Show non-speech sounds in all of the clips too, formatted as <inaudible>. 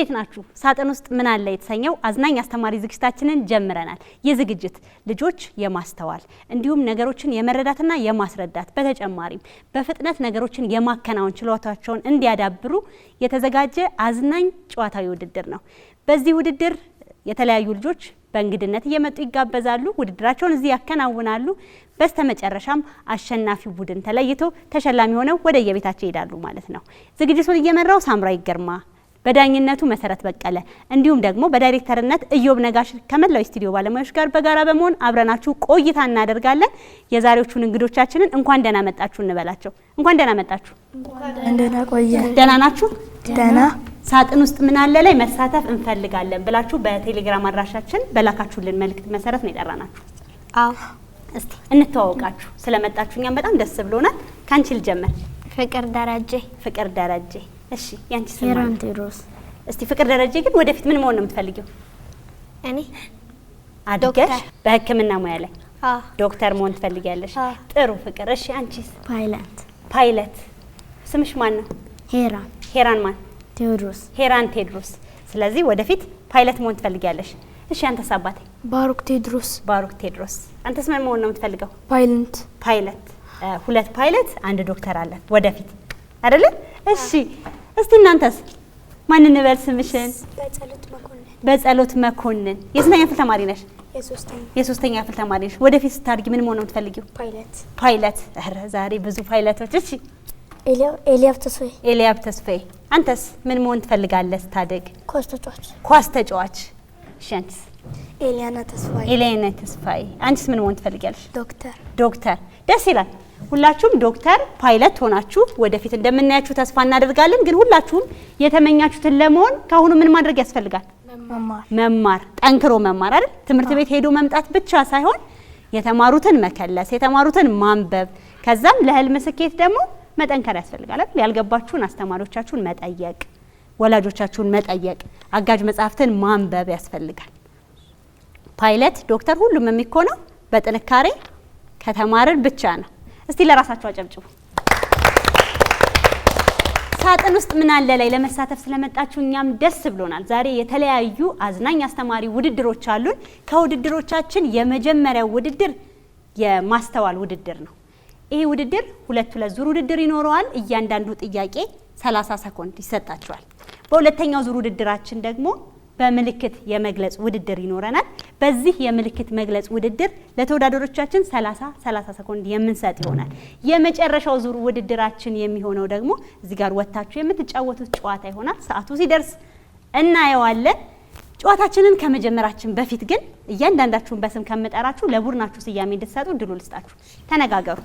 እንዴት ናችሁ? ሳጥን ውስጥ ምን አለ የተሰኘው አዝናኝ አስተማሪ ዝግጅታችንን ጀምረናል። ይህ ዝግጅት ልጆች የማስተዋል እንዲሁም ነገሮችን የመረዳትና የማስረዳት በተጨማሪም በፍጥነት ነገሮችን የማከናወን ችሎታቸውን እንዲያዳብሩ የተዘጋጀ አዝናኝ ጨዋታዊ ውድድር ነው። በዚህ ውድድር የተለያዩ ልጆች በእንግድነት እየመጡ ይጋበዛሉ። ውድድራቸውን እዚህ ያከናውናሉ። በስተመጨረሻም አሸናፊው ቡድን ተለይቶ ተሸላሚ ሆነው ወደ የቤታቸው ይሄዳሉ ማለት ነው። ዝግጅቱን እየመራው ሳምራዊ ግርማ በዳኝነቱ መሰረት በቀለ እንዲሁም ደግሞ በዳይሬክተርነት እዮብ ነጋሽ ከመላው ስቱዲዮ ባለሙያዎች ጋር በጋራ በመሆን አብረናችሁ ቆይታ እናደርጋለን። የዛሬዎቹን እንግዶቻችንን እንኳን ደህና መጣችሁ እንበላቸው። እንኳን ደህና መጣችሁ። ደህና ቆየ። ደህና ናችሁ? ደህና ሳጥን ውስጥ ምን አለ ላይ መሳተፍ እንፈልጋለን ብላችሁ በቴሌግራም አድራሻችን በላካችሁልን መልእክት መሰረት ነው የጠራናችሁ። እስቲ እንተዋወቃችሁ። ስለመጣችሁ እኛም በጣም ደስ ብሎናል። ካንቺ ልጀምር። ፍቅር ደረጀ። ፍቅር ደረጀ እሺ ያንቺ ስም ሄራን ቴዎድሮስ። እስቲ ፍቅር ደረጀ ግን ወደፊት ምን መሆን ነው የምትፈልጊው? እኔ አድገሽ በህክምና ሙያ ላይ ዶክተር መሆን ትፈልጊያለሽ? ጥሩ ፍቅር። እሺ አንቺስ? ፓይለት ፓይለት። ስምሽ ማን ነው? ሄራን ሄራን። ማን? ቴዎድሮስ ሄራን ቴዎድሮስ። ስለዚህ ወደፊት ፓይለት መሆን ትፈልጊያለሽ? እሺ አንተስ አባቴ? ባሩክ ቴዎድሮስ ባሩክ ቴዎድሮስ። አንተስ ምን መሆን ነው የምትፈልገው? ፓይለት ፓይለት። ሁለት ፓይለት አንድ ዶክተር አለ ወደፊት አይደለ? እሺ እስቲ እናንተስ ማን እንበል ስምሽን? በጸሎት መኮንን። የስንተኛ ክፍል ተማሪ ነሽ? የሶስተኛ ክፍል ተማሪ ነሽ። ወደፊት ስታድጊ ምን መሆን ነው የምትፈልጊው? ፓይለት። ፓይለት። ኧረ ዛሬ ብዙ ፓይለቶች። እሺ ኤልያብ ተስፋዬ። ኤልያብ ተስፋዬ። አንተስ ምን መሆን ትፈልጋለህ ስታድግ? ኳስ ተጫዋች። ኳስ ተጫዋች። እሺ አንቺስ? ኤሊያና ተስፋዬ። ኤሊያና ተስፋዬ፣ አንቺስ ምን መሆን ትፈልጊያለሽ? ዶክተር። ዶክተር ደስ ይላል። ሁላችሁም ዶክተር፣ ፓይለት ሆናችሁ ወደፊት እንደምናያችሁ ተስፋ እናደርጋለን። ግን ሁላችሁም የተመኛችሁትን ለመሆን ከአሁኑ ምን ማድረግ ያስፈልጋል? መማር፣ ጠንክሮ መማር አይደል? ትምህርት ቤት ሄዶ መምጣት ብቻ ሳይሆን የተማሩትን መከለስ፣ የተማሩትን ማንበብ፣ ከዛም ለህልም ስኬት ደግሞ መጠንከር ያስፈልጋል አይደል? ያልገባችሁን አስተማሪዎቻችሁን መጠየቅ፣ ወላጆቻችሁን መጠየቅ፣ አጋዥ መጽሐፍትን ማንበብ ያስፈልጋል። ፓይለት፣ ዶክተር ሁሉም የሚኮነው በጥንካሬ ከተማርን ብቻ ነው። እስቲ ለራሳቸው አጨብጭቡ። ሳጥን ውስጥ ምን አለ ላይ ለመሳተፍ ስለመጣችሁ እኛም ደስ ብሎናል። ዛሬ የተለያዩ አዝናኝ አስተማሪ ውድድሮች አሉን። ከውድድሮቻችን የመጀመሪያው ውድድር የማስተዋል ውድድር ነው። ይህ ውድድር ሁለት ሁለት ዙር ውድድር ይኖረዋል። እያንዳንዱ ጥያቄ 30 ሰኮንድ ይሰጣቸዋል በሁለተኛው ዙር ውድድራችን ደግሞ በምልክት የመግለጽ ውድድር ይኖረናል። በዚህ የምልክት መግለጽ ውድድር ለተወዳዳሪዎቻችን 30 30 ሰኮንድ የምንሰጥ ይሆናል። የመጨረሻው ዙር ውድድራችን የሚሆነው ደግሞ እዚህ ጋር ወጥታችሁ የምትጫወቱት ጨዋታ ይሆናል። ሰዓቱ ሲደርስ እናየዋለን። ጨዋታችንን ከመጀመራችን በፊት ግን እያንዳንዳችሁን በስም ከምጠራችሁ ለቡድናችሁ ስያሜ እንድትሰጡ ድሉ ልስጣችሁ። ተነጋገሩ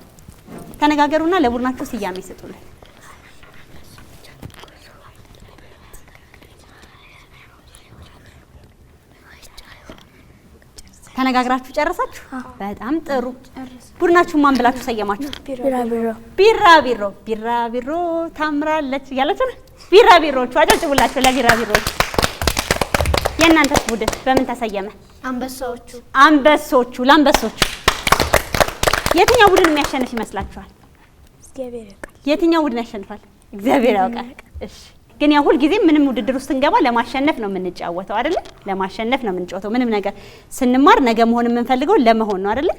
ተነጋገሩና ለቡድናችሁ ስያሜ ስጡልን። ተነጋግራችሁ ጨረሳችሁ? በጣም ጥሩ። ቡድናችሁ ማን ብላችሁ ሰየማችሁ? ቢራቢሮ ቢራቢሮ ቢራቢሮ ታምራለች እያላችሁ ነው። ቢራቢሮቹ አጨብጭቡላቸው ለቢራቢሮቹ። የእናንተስ ቡድን በምን ተሰየመ? አንበሶቹ አንበሶቹ ለአንበሶቹ። የትኛው ቡድን የሚያሸንፍ ይመስላችኋል? የትኛው ቡድን ያሸንፋል? እግዚአብሔር ያውቃል። እሺ ግን ያው ሁልጊዜ ምንም ውድድር ውስጥ እንገባ ለማሸነፍ ነው የምንጫወተው አይደለ? ለማሸነፍ ነው የምንጫወተው። ምንም ነገር ስንማር ነገ መሆን የምንፈልገው ለመሆን ነው አይደለ?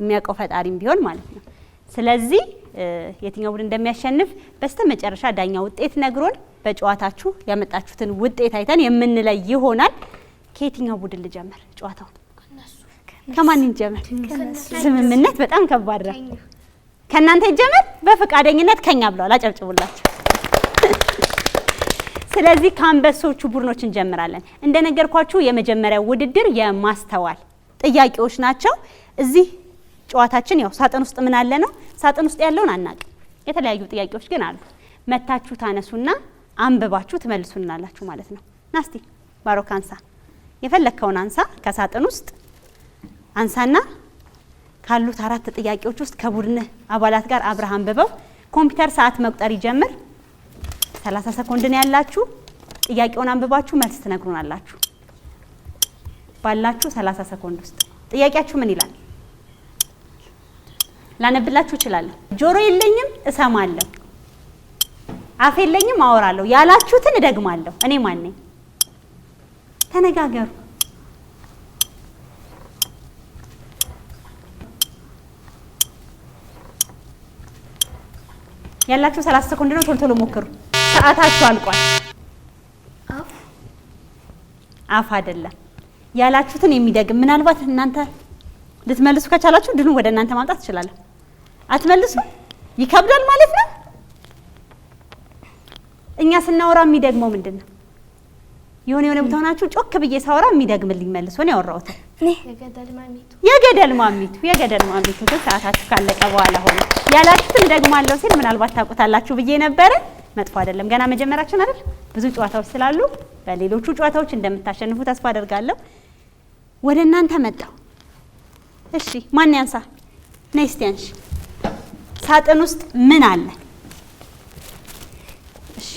የሚያውቀው ፈጣሪም ቢሆን ማለት ነው። ስለዚህ የትኛው ቡድን እንደሚያሸንፍ በስተ መጨረሻ ዳኛ ውጤት ነግሮን በጨዋታችሁ ያመጣችሁትን ውጤት አይተን የምንለይ ይሆናል። ከየትኛው ቡድን ልጀምር? ጨዋታው ከማን ይጀምር? ስምምነት በጣም ከባድ ነው። ከእናንተ ይጀምር። በፈቃደኝነት ከኛ ብለዋል። አጨብጭቡላቸው። ስለዚህ ከአንበሶቹ ቡድኖች እንጀምራለን። እንደነገርኳችሁ የመጀመሪያው ውድድር የማስተዋል ጥያቄዎች ናቸው። እዚህ ጨዋታችን ያው ሳጥን ውስጥ ምን አለ ነው። ሳጥን ውስጥ ያለውን አናቅ የተለያዩ ጥያቄዎች ግን አሉ። መታችሁ ታነሱና አንብባችሁ ትመልሱናላችሁ ማለት ነው። ናስቲ ባሮክ አንሳ፣ የፈለግከውን አንሳ ከሳጥን ውስጥ አንሳና ካሉት አራት ጥያቄዎች ውስጥ ከቡድን አባላት ጋር አብረህ አንብበው። ኮምፒውተር ሰዓት መቁጠር ይጀምር። ሰላሳ ሰኮንድ ነው ያላችሁ። ጥያቄውን አንብባችሁ መልስ ትነግሩናላችሁ ባላችሁ ሰላሳ ሰኮንድ ውስጥ። ጥያቄያችሁ ምን ይላል? ላነብላችሁ እችላለሁ። ጆሮ የለኝም እሰማለሁ፣ አፍ የለኝም አወራለሁ፣ ያላችሁትን እደግማለሁ። እኔ ማን ነኝ? ተነጋገሩ። ያላችሁ ሰላሳ ሰኮንድ ነው። ቶሎ ቶሎ ሞክሩ። ሰዓታችሁ አልቋል። አፍ አይደለም ያላችሁትን የሚደግም ምናልባት እናንተ ልትመልሱ ከቻላችሁ ድኑ ወደ እናንተ ማምጣት ትችላለሁ። አትመልሱ ይከብዳል ማለት ነው። እኛ ስናወራ የሚደግመው ምንድን ነው? የሆነ የሆነ ቦታ ሆናችሁ ጮክ ብዬ ሳወራ የሚደግምልኝ መልሶ ነው ያወራሁት። የገደል ማሚቱ የገደል ማሚቱ ግን ሰዓታችሁ ካለቀ በኋላ ሆነ ያላችሁትን ደግማለሁ ሲል ምናልባት ታውቁታላችሁ ብዬ ነበረ። መጥፎ አይደለም። ገና መጀመራችን አይደል? ብዙ ጨዋታዎች ስላሉ በሌሎቹ ጨዋታዎች እንደምታሸንፉ ተስፋ አደርጋለሁ። ወደ እናንተ መጣው። እሺ ማን ያንሳ? ኔክስት ያንሽ። ሳጥን ውስጥ ምን አለ? እሺ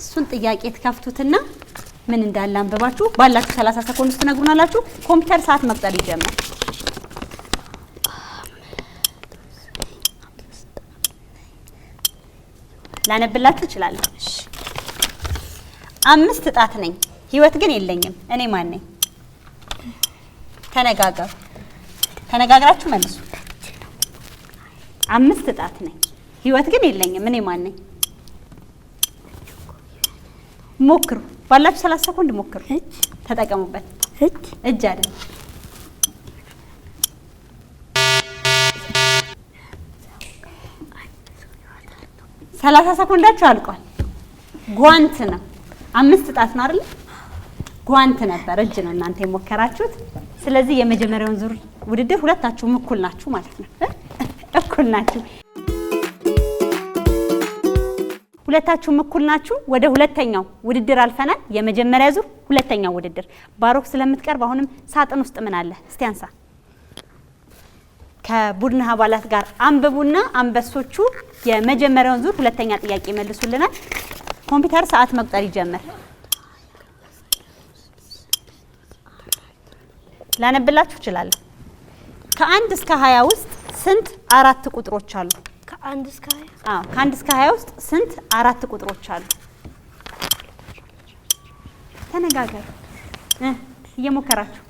እሱን ጥያቄ ትከፍቱትና ምን እንዳለ አንብባችሁ ባላችሁ 30 ሰኮንድ ውስጥ ትነግሩናላችሁ። ኮምፒውተር ሰዓት መቁጠር ይጀምራል። ላነብላችሁ እችላለሁ። አምስት ጣት ነኝ፣ ህይወት ግን የለኝም። እኔ ማን ነኝ? ተነጋገሩ። ተነጋግራችሁ መልሱ። አምስት ጣት ነኝ፣ ህይወት ግን የለኝም። እኔ ማን ነኝ? ሞክሩ። ባላችሁ ሰላሳ ሰኮንድ ሞክሩ፣ ተጠቀሙበት። እጅ አይደለም ሰላሳ ሰኮንዳቸው አልቋል። ጓንት ነው። አምስት ጣት ነው አይደል? ጓንት ነበር እጅ ነው እናንተ የሞከራችሁት። ስለዚህ የመጀመሪያውን ዙር ውድድር ሁለታችሁም እኩል ናችሁ ማለት ነው። እኩል ናችሁ፣ ሁለታችሁም እኩል ናችሁ። ወደ ሁለተኛው ውድድር አልፈናል። የመጀመሪያ ዙር ሁለተኛው ውድድር ባሮክ ስለምትቀርብ አሁንም ሳጥን ውስጥ ምን አለ እስቲ አንሳ ከቡድን አባላት ጋር አንብቡና አንበሶቹ የመጀመሪያውን ዙር ሁለተኛ ጥያቄ መልሱልናል። ኮምፒውተር ሰዓት መቁጠር ይጀምር። ላነብላችሁ እችላለሁ። ከአንድ እስከ ሀያ ውስጥ ስንት አራት ቁጥሮች አሉ? ከአንድ እስከ ሀያ አዎ፣ ከአንድ እስከ ሀያ ውስጥ ስንት አራት ቁጥሮች አሉ? ተነጋገሩ እየሞከራችሁ።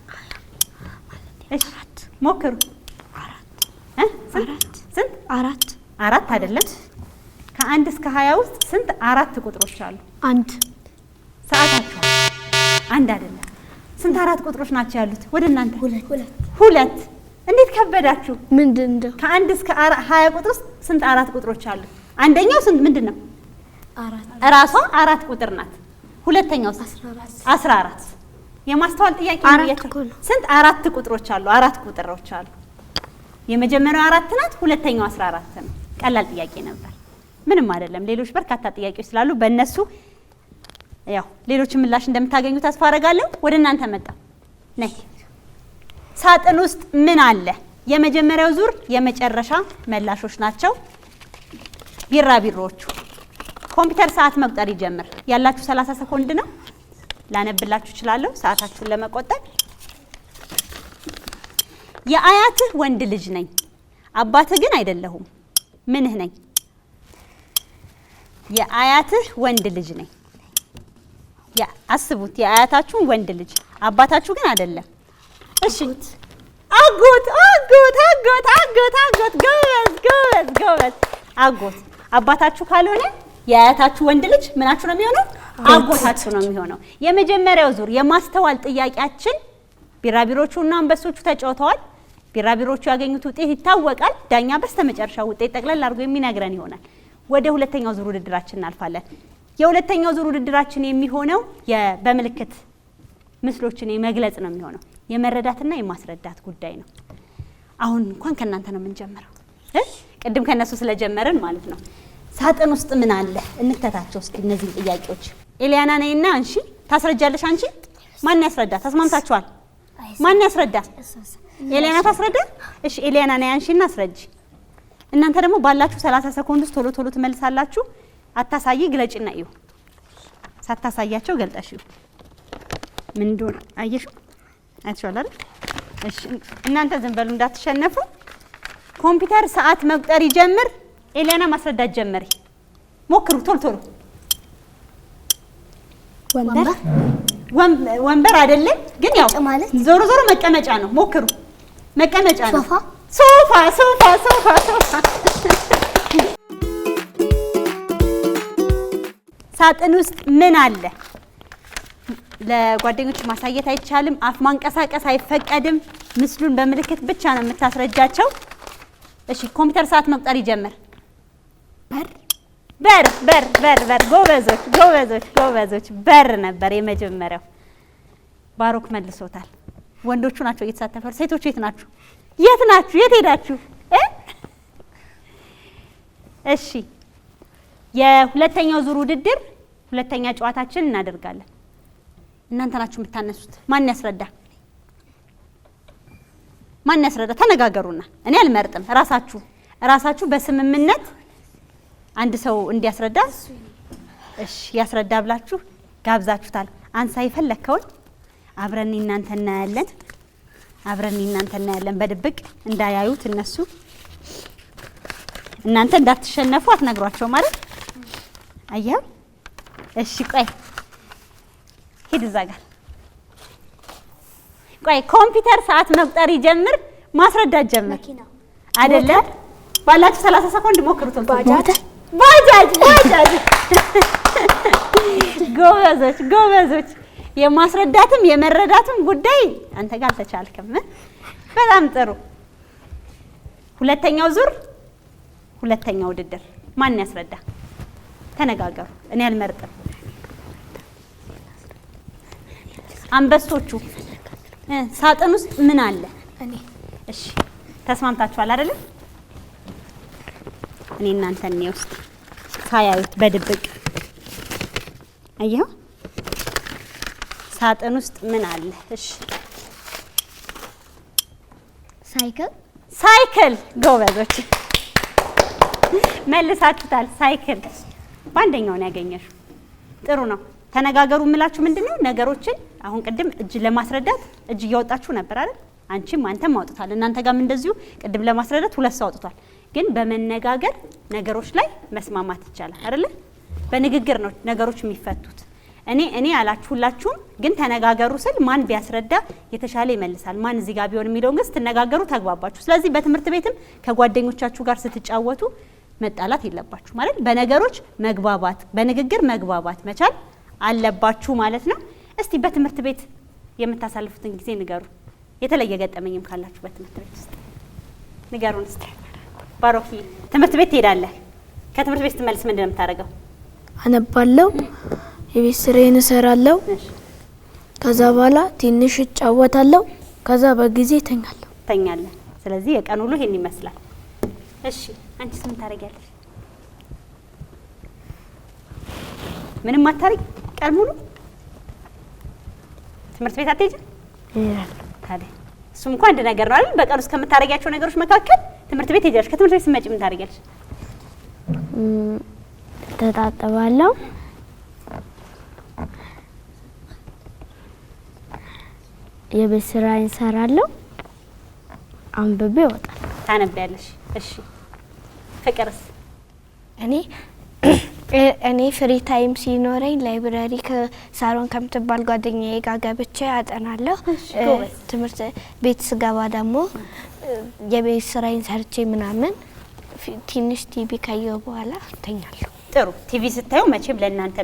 እሺ ሞክሩ ስንት አራት አራት አይደለም። ከአንድ እስከ ሀያ ውስጥ ስንት አራት ቁጥሮች አሉ? አንድ ሰዓታችሁ አንድ አይደለም። ስንት አራት ቁጥሮች ናቸው ያሉት? ወደ እናንተ ሁለት። እንዴት ከበዳችሁ? ምንድን ነው ከአንድ እስከ ሀያ ቁጥር ውስጥ ስንት አራት ቁጥሮች አሉ? አንደኛው ስንት ምንድን ነው? እራሷ አራት ቁጥር ናት። ሁለተኛው አስራ አራት የማስተዋል ጥያቄ ነው። ስንት አራት ቁጥሮች አሉ? አራት ቁጥሮች አሉ የመጀመሪያው አራት ናት፣ ሁለተኛው አስራ አራት ነው። ቀላል ጥያቄ ነበር፣ ምንም አይደለም። ሌሎች በርካታ ጥያቄዎች ስላሉ በእነሱ ያው ሌሎች ምላሽ እንደምታገኙ ተስፋ አደርጋለሁ። ወደ እናንተ መጣ ነይ ሳጥን ውስጥ ምን አለ? የመጀመሪያው ዙር የመጨረሻ መላሾች ናቸው። ቢራቢሮዎቹ ኮምፒውተር ሰዓት መቁጠር ይጀምር። ያላችሁ 30 ሰኮንድ ነው። ላነብላችሁ እችላለሁ ሰዓታችሁን ለመቆጠብ የአያትህ ወንድ ልጅ ነኝ፣ አባትህ ግን አይደለሁም። ምንህ ነኝ? የአያትህ ወንድ ልጅ ነኝ። አስቡት፣ የአያታችሁን ወንድ ልጅ አባታችሁ ግን አይደለም። እሺ፣ አጎት አጎት አጎት አጎት አጎት፣ ጎበዝ ጎበዝ ጎበዝ። አጎት አባታችሁ ካልሆነ የአያታችሁ ወንድ ልጅ ምናችሁ ነው የሚሆነው? አጎታችሁ ነው የሚሆነው። የመጀመሪያው ዙር የማስተዋል ጥያቄያችን ቢራቢሮቹ እና አንበሶቹ ተጫውተዋል። ቢራቢሮቹ ያገኙት ውጤት ይታወቃል። ዳኛ በስተመጨረሻ ውጤት ጠቅለል አድርጎ የሚነግረን ይሆናል። ወደ ሁለተኛው ዙር ውድድራችን እናልፋለን። የሁለተኛው ዙር ውድድራችን የሚሆነው በምልክት ምስሎችን የመግለጽ ነው የሚሆነው። የመረዳትና የማስረዳት ጉዳይ ነው። አሁን እንኳን ከእናንተ ነው የምንጀምረው። ቅድም ከእነሱ ስለጀመርን ማለት ነው። ሳጥን ውስጥ ምን አለ? እንተታቸው እስኪ እነዚህን ጥያቄዎች። ኤልያና ነይና፣ አንሺ ታስረጃለሽ። አንቺ ማን ያስረዳ? ተስማምታችኋል? ማን ያስረዳ? ኤሊያና ታስረዳ። እሺ ኤሊያና ነይ አንሺና አስረጂ። እናንተ ደግሞ ባላችሁ 30 ሰኮንድ ውስጥ ቶሎ ቶሎ ትመልሳላችሁ። አታሳይ፣ ግለጭና እዩ። ሳታሳያቸው ገልጠሽ እዩ። ምን እንደሆነ አየሽ አይተሽዋል አይደል? እሺ እናንተ ዝም በሉ እንዳትሸነፉ። ኮምፒውተር ሰዓት መቁጠር ይጀምር። ኤሊያና ማስረዳት ጀመሪ። ሞክሩ ቶሎ ቶሎ። ወንበር ወንበር አይደለም ግን ያው ዞሮ ዞሮ መቀመጫ ነው። ሞክሩ መቀመጫ ነው። ሶፋ ሶፋ ሶፋ ሶፋ። ሳጥን ውስጥ ምን አለ? ለጓደኞች ማሳየት አይቻልም። አፍ ማንቀሳቀስ አይፈቀድም። ምስሉን በምልክት ብቻ ነው የምታስረጃቸው። እሺ፣ ኮምፒውተር ሰዓት መቁጠር ይጀምር። በር በር በር በር በር። ጎበዞች ጎበዞች ጎበዞች። በር ነበር የመጀመሪያው። ባሮክ መልሶታል። ወንዶቹ ናቸው እየተሳተፈ ሴቶቹ የት ናችሁ? የት ናችሁ? የት ሄዳችሁ? እሺ የሁለተኛው ዙር ውድድር ሁለተኛ ጨዋታችን እናደርጋለን። እናንተ ናችሁ የምታነሱት። ማን ያስረዳ? ማን ያስረዳ? ተነጋገሩና እኔ አልመርጥም። ራሳችሁ ራሳችሁ በስምምነት አንድ ሰው እንዲያስረዳ እሺ፣ ያስረዳ ብላችሁ ጋብዛችሁታል። አንሳ የፈለከውን አብረን እናንተ እናያለን። አብረን እናንተ እናያለን። በድብቅ እንዳያዩት እነሱ እናንተ እንዳትሸነፉ አትነግሯቸው ማለት አያ። እሺ ቆይ ሂድ እዛ ጋር ቆይ። ኮምፒውተር ሰዓት መቁጠር ይጀምር፣ ማስረዳት ጀምር። አይደለ ባላችሁ 30 ሰኮንድ ሞክሩት። ባጃጅ ባጃጅ ባጃጅ። ጎበዞች ጎበዞች የማስረዳትም የመረዳትም ጉዳይ አንተ ጋር አልተቻልክም። በጣም ጥሩ። ሁለተኛው ዙር ሁለተኛ ውድድር ማን ያስረዳ? ተነጋገሩ። እኔ አልመርጥም። አንበሶቹ ሳጥን ውስጥ ምን አለ? እሺ ተስማምታችኋል አይደለም? እኔ እናንተ እኔ ውስጥ ሳያዩት በድብቅ አየኸው ሳጥን ውስጥ ምን አለ? እሺ ሳይክል ሳይክል። ጎበዞች መልሳችሁታል። ሳይክል በአንደኛው ነው ያገኘሽው። ጥሩ ነው። ተነጋገሩ የምላችሁ ምንድን ነው ነገሮችን አሁን ቅድም እጅ ለማስረዳት እጅ እያወጣችሁ ነበር አይደል? አንቺም አንተም አውጥቷል። እናንተ ጋርም እንደዚሁ ቅድም ለማስረዳት ሁለት ሰው አውጥቷል። ግን በመነጋገር ነገሮች ላይ መስማማት ይቻላል አይደለ? በንግግር ነው ነገሮች የሚፈቱት። እኔ እኔ አላችሁላችሁም፣ ግን ተነጋገሩ ስል ማን ቢያስረዳ የተሻለ ይመልሳል፣ ማን እዚህ ጋር ቢሆን የሚለውን ግን ስትነጋገሩ ተግባባችሁ። ስለዚህ በትምህርት ቤትም ከጓደኞቻችሁ ጋር ስትጫወቱ መጣላት የለባችሁ ማለት በነገሮች መግባባት፣ በንግግር መግባባት መቻል አለባችሁ ማለት ነው። እስቲ በትምህርት ቤት የምታሳልፉትን ጊዜ ንገሩ። የተለየ ገጠመኝም ካላችሁ በትምህርት ቤት ውስጥ ንገሩን። ስ ባሮኪ፣ ትምህርት ቤት ትሄዳለህ። ከትምህርት ቤት ስትመልስ ምንድን ነው የምታደርገው? አነባለሁ የቤት ስራዬን እሰራለሁ። ከዛ በኋላ ትንሽ እጫወታለሁ። ከዛ በጊዜ ተኛለሁ ተኛለ። ስለዚህ የቀን ውሎ ይሄን ይመስላል። እሺ አንቺ ምን ታደርጊያለሽ? ምንም አታደርጊ? ቀን ሙሉ ትምህርት ቤት አትሄጂም? ታዲያ እሱም እንኳን አንድ ነገር ነው አይደል? በቀን ውስጥ ከምታደርጊያቸው ነገሮች መካከል ትምህርት ቤት ሄጃለሽ። ከትምህርት ቤት ስትመጪ ምን ታደርጊያለሽ? ተጣጥባለሁ የቤት ስራ እንሰራለሁ። አንብቤ ይወጣል። ታነቢያለሽ? እሺ። ፍቅርስ? እኔ <clears throat> እኔ ፍሪ ታይም ሲኖረኝ ላይብራሪ ከሳሮን ከምትባል ጓደኛዬ ጋር ገብቼ አጠናለሁ። ትምህርት ቤት ስገባ ደግሞ የቤት ስራዬን ሰርቼ ምናምን ትንሽ ቲቪ ካየሁ በኋላ እተኛለሁ። ጥሩ ቲቪ ስታዩ መቼም ለእናንተ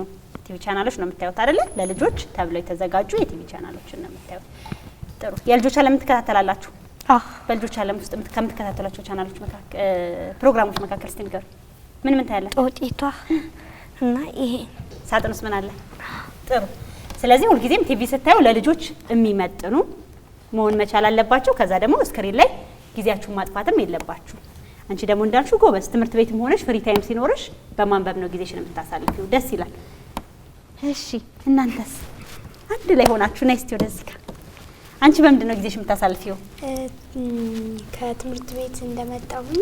ነው። ቲቪ ቻናሎች ነው የምታዩት አይደለ? ለልጆች ተብለው የተዘጋጁ የቲቪ ቻናሎች ነው የምታዩት። ጥሩ። የልጆች ዓለም ትከታተላላችሁ? በልጆች ዓለም ውስጥ ከምትከታተሏቸው ቻናሎች መካከል ፕሮግራሞች መካከል እስቲ ንገሩ። ምን ምን ታያለ? ጦጤቷ እና ይሄ ሳጥን ውስጥ ምን አለ? ጥሩ። ስለዚህ ሁልጊዜም ቲቪ ስታዩ ለልጆች የሚመጥኑ መሆን መቻል አለባቸው። ከዛ ደግሞ እስክሪን ላይ ጊዜያችሁን ማጥፋትም የለባችሁ። አንቺ ደግሞ እንዳልሽው ጎበዝ ትምህርት ቤትም ሆነሽ ፍሪ ታይም ሲኖርሽ በማንበብ ነው ጊዜሽን የምታሳልፊው። ደስ ይላል። እሺ እናንተስ አንድ ላይ ሆናችሁ ነይ እስቲ ወደዚህ ጋር። አንቺ በምንድን ነው ጊዜሽ የምታሳልፊው? ከትምህርት ቤት እንደመጣሁኝ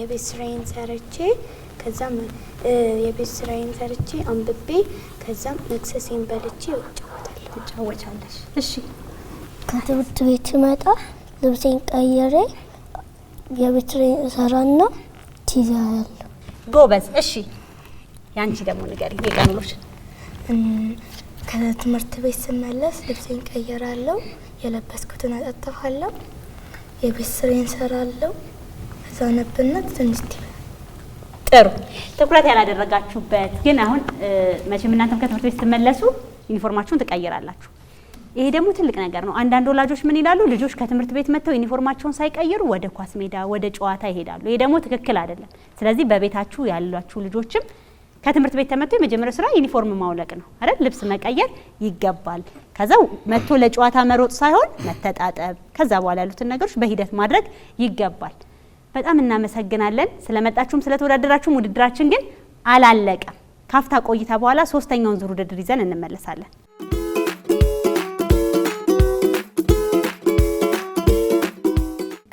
የቤት ስራዬን ሰርቼ ከዛም የቤት ስራዬን ሰርቼ አንብቤ ከዛም መክሰሴን በልቼ እጫወታለሁ። ትጫወቻለሽ? እሺ። ከትምህርት ቤት ስመጣ ልብሴን ቀይሬ የቤት ስራዬን እሰራና ያለሁ። ጎበዝ። እሺ። ያንቺ ደግሞ ንገሪኝ የቀን ውሎሽ ከትምህርት ቤት ስመለስ ልብሴን ቀየራለሁ፣ የለበስኩትን አጠጥኋለሁ፣ የቤት ስሬን ሰራለሁ። እዛ ነብነት ትንሽ ጥሩ ትኩረት ያላደረጋችሁበት ግን አሁን መቼም እናንተም ከትምህርት ቤት ስትመለሱ ዩኒፎርማችሁን ትቀይራላችሁ። ይሄ ደግሞ ትልቅ ነገር ነው። አንዳንድ ወላጆች ምን ይላሉ? ልጆች ከትምህርት ቤት መጥተው ዩኒፎርማቸውን ሳይቀይሩ ወደ ኳስ ሜዳ፣ ወደ ጨዋታ ይሄዳሉ። ይሄ ደግሞ ትክክል አይደለም። ስለዚህ በቤታችሁ ያሏችሁ ልጆችም ከትምህርት ቤት ተመቶ የመጀመሪያው ስራ ዩኒፎርም ማውለቅ ነው አይደል? ልብስ መቀየር ይገባል። ከዛው መጥቶ ለጨዋታ መሮጥ ሳይሆን መተጣጠብ፣ ከዛ በኋላ ያሉትን ነገሮች በሂደት ማድረግ ይገባል። በጣም እናመሰግናለን ስለመጣችሁም ስለተወዳደራችሁም። ውድድራችን ግን አላለቀም። ካፍታ ቆይታ በኋላ ሶስተኛውን ዙር ውድድር ይዘን እንመለሳለን።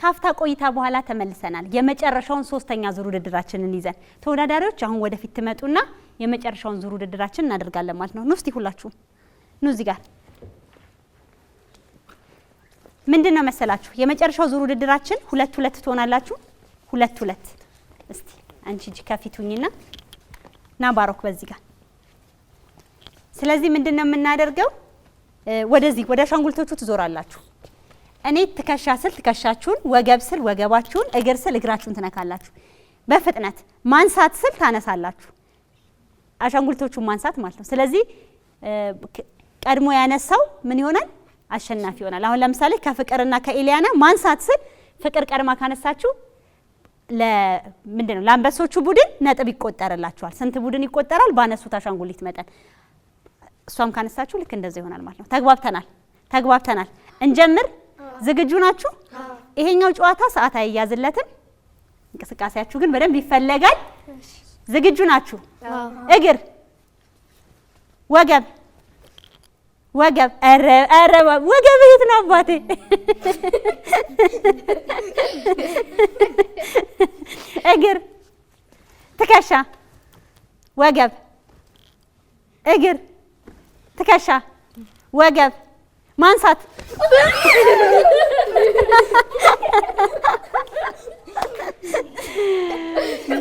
ካፍታ ቆይታ በኋላ ተመልሰናል። የመጨረሻውን ሶስተኛ ዙር ውድድራችንን ይዘን ተወዳዳሪዎች አሁን ወደፊት ትመጡና የመጨረሻውን ዙር ውድድራችን እናደርጋለን ማለት ነው። ኑ እስቲ ሁላችሁም ኑ እዚህ ጋር ምንድን ነው መሰላችሁ የመጨረሻው ዙር ውድድራችን ሁለት ሁለት ትሆናላችሁ። ሁለት ሁለት እስቲ አንቺ እጅ ከፊቱኝና ና ባሮክ በዚህ ጋር ስለዚህ ምንድን ነው የምናደርገው ወደዚህ ወደ አሻንጉሊቶቹ ትዞራላችሁ እኔ ትከሻ ስል ትከሻችሁን፣ ወገብ ስል ወገባችሁን፣ እግር ስል እግራችሁን ትነካላችሁ። በፍጥነት ማንሳት ስል ታነሳላችሁ። አሻንጉሊቶቹን ማንሳት ማለት ነው። ስለዚህ ቀድሞ ያነሳው ምን ይሆናል? አሸናፊ ይሆናል። አሁን ለምሳሌ ከፍቅርና ከኤልያና ማንሳት ስል ፍቅር ቀድማ ካነሳችሁ ምንድን ነው ለአንበሶቹ ቡድን ነጥብ ይቆጠርላችኋል። ስንት ቡድን ይቆጠራል? ባነሱት አሻንጉሊት መጠን። እሷም ካነሳችሁ ልክ እንደዚ ይሆናል ማለት ነው። ተግባብተናል፣ ተግባብተናል። እንጀምር። ዝግጁ ናችሁ? ይሄኛው ጨዋታ ሰዓት አይያዝለትም። እንቅስቃሴያችሁ ግን በደንብ ይፈለጋል። ዝግጁ ናችሁ? እግር፣ ወገብ፣ ወገብ። ኧረ ኧረ ወገብ የት ነው አባቴ? እግር፣ ትከሻ፣ ወገብ፣ እግር፣ ትከሻ፣ ወገብ ማንሳት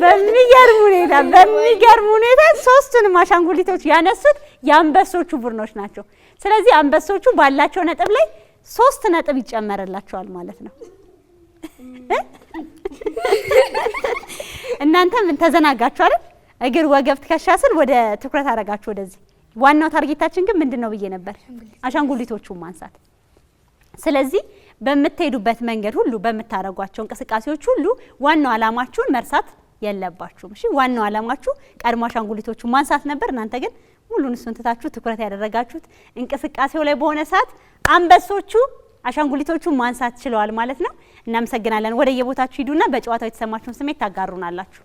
በሚገርም ሁኔታ በሚገርም ሁኔታ ሶስቱንም አሻንጉሊቶች ያነሱት የአንበሶቹ ቡድኖች ናቸው። ስለዚህ አንበሶቹ ባላቸው ነጥብ ላይ ሶስት ነጥብ ይጨመርላቸዋል ማለት ነው። እናንተ ምን ተዘናጋችሁ አይደል? እግር፣ ወገብ፣ ትከሻ ስል ወደ ትኩረት አደረጋችሁ ወደዚህ ዋናው ታርጌታችን ግን ምንድን ነው ብዬ ነበር፣ አሻንጉሊቶቹን ማንሳት። ስለዚህ በምትሄዱበት መንገድ ሁሉ በምታደርጓቸው እንቅስቃሴዎች ሁሉ ዋናው አላማችሁን መርሳት የለባችሁም። እሺ፣ ዋናው አላማችሁ ቀድሞ አሻንጉሊቶቹን ማንሳት ነበር። እናንተ ግን ሙሉን እሱን ትታችሁ ትኩረት ያደረጋችሁት እንቅስቃሴው ላይ በሆነ ሰዓት አንበሶቹ አሻንጉሊቶቹን ማንሳት ችለዋል ማለት ነው። እናመሰግናለን። ወደ የቦታችሁ ሂዱና በጨዋታው የተሰማችሁን ስሜት ታጋሩናላችሁ።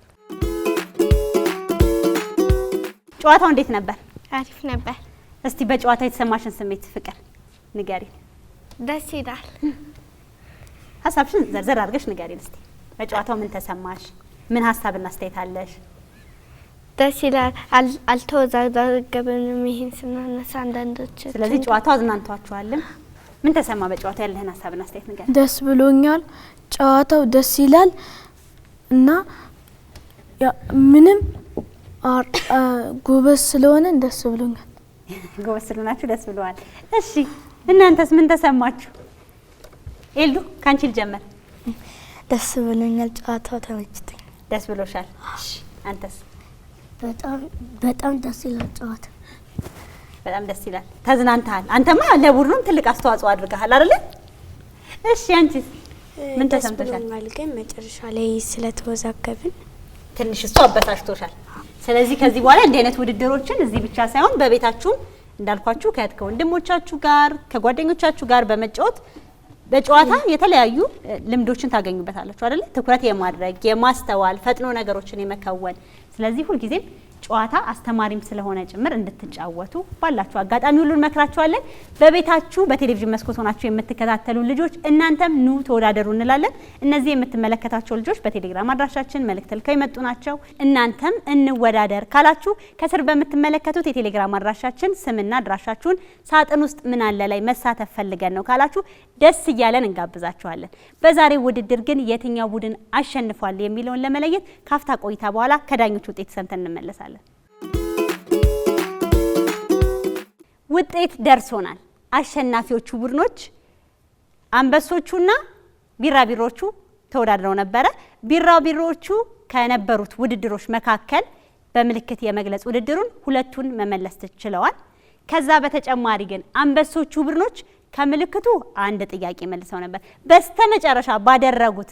ጨዋታው እንዴት ነበር? አሪፍ ነበር። እስቲ በጨዋታ የተሰማሽን ስሜት ፍቅር ንገሪ። ደስ ይላል። ሀሳብሽን ዘርዘር አድርገሽ ንገሪን እስቲ። በጨዋታው ምን ተሰማሽ? ምን ሀሳብና አስተያየት አለሽ? ደስ ይላል። አልተወዛገብንም ይህን ስናነሳ አንዳንዶች። ስለዚህ ጨዋታው አዝናንቷችኋልም። ምን ተሰማ? በጨዋታው ያለህን ሀሳብና አስተያየት ንገሪ። ደስ ብሎኛል። ጨዋታው ደስ ይላል እና ምንም ጎበዝ ስለሆነ ደስ ብሎኛል። <laughs> ጎበዝ ስለሆናችሁ ደስ ብለዋል። እሺ እናንተስ ምን ተሰማችሁ? ኤልዱ ከአንቺ ልጀምር። ደስ ብሎኛል፣ ጨዋታው ተመችቶኝ። ደስ ብሎሻል? አንተስ? በጣም ደስ ይላል ጨዋታ፣ በጣም ደስ ይላል። ተዝናንተሃል። አንተማ ለቡድኑም ትልቅ አስተዋጽኦ አድርገሃል አይደለ? እሺ አንቺስ ምን ተሰምቶሻል? ግን መጨረሻ ላይ ስለተወዛገብን ትንሽ እሱ አበሳጭቶሻል። ስለዚህ ከዚህ በኋላ እንዲህ አይነት ውድድሮችን እዚህ ብቻ ሳይሆን በቤታችሁም እንዳልኳችሁ ከእህት ከወንድሞቻችሁ ጋር ከጓደኞቻችሁ ጋር በመጫወት በጨዋታ የተለያዩ ልምዶችን ታገኙበታላችሁ አይደለ? ትኩረት የማድረግ የማስተዋል፣ ፈጥኖ ነገሮችን የመከወን ስለዚህ ሁልጊዜም ጨዋታ አስተማሪም ስለሆነ ጭምር እንድትጫወቱ ባላችሁ አጋጣሚ ሁሉን መክራችኋለን። በቤታችሁ በቴሌቪዥን መስኮት ሆናችሁ የምትከታተሉ ልጆች እናንተም ኑ ተወዳደሩ እንላለን። እነዚህ የምትመለከታቸው ልጆች በቴሌግራም አድራሻችን መልእክት ልከው የመጡ ናቸው። እናንተም እንወዳደር ካላችሁ ከስር በምትመለከቱት የቴሌግራም አድራሻችን ስምና አድራሻችሁን ሳጥን ውስጥ ምን አለ ላይ መሳተፍ ፈልገን ነው ካላችሁ ደስ እያለን እንጋብዛችኋለን። በዛሬው ውድድር ግን የትኛው ቡድን አሸንፏል የሚለውን ለመለየት ካፍታ ቆይታ በኋላ ከዳኞች ውጤት ሰምተን እንመለሳለን። ውጤት ደርሶናል። አሸናፊዎቹ ቡድኖች አንበሶቹና ቢራቢሮቹ ተወዳድረው ነበረ። ቢራቢሮዎቹ ከነበሩት ውድድሮች መካከል በምልክት የመግለጽ ውድድሩን ሁለቱን መመለስ ችለዋል። ከዛ በተጨማሪ ግን አንበሶቹ ቡድኖች ከምልክቱ አንድ ጥያቄ መልሰው ነበር። በስተመጨረሻ ባደረጉት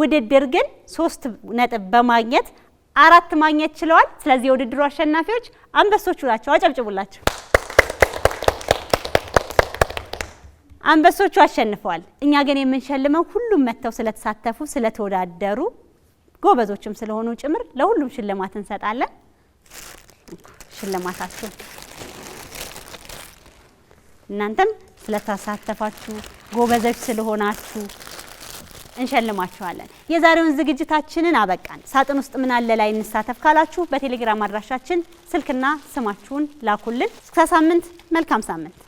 ውድድር ግን ሶስት ነጥብ በማግኘት አራት ማግኘት ችለዋል። ስለዚህ የውድድሩ አሸናፊዎች አንበሶቹ ናቸው። አጨብጭቡላቸው። አንበሶቹ አሸንፈዋል። እኛ ግን የምንሸልመው ሁሉም መጥተው ስለተሳተፉ ስለተወዳደሩ ጎበዞችም ስለሆኑ ጭምር ለሁሉም ሽልማት እንሰጣለን። ሽልማታችሁ እናንተም ስለተሳተፋችሁ ጎበዞች ስለሆናችሁ እንሸልማችኋለን። የዛሬውን ዝግጅታችንን አበቃን። ሳጥን ውስጥ ምን አለ ላይ እንሳተፍ ካላችሁ በቴሌግራም አድራሻችን ስልክና ስማችሁን ላኩልን። እስከ ሳምንት፣ መልካም ሳምንት።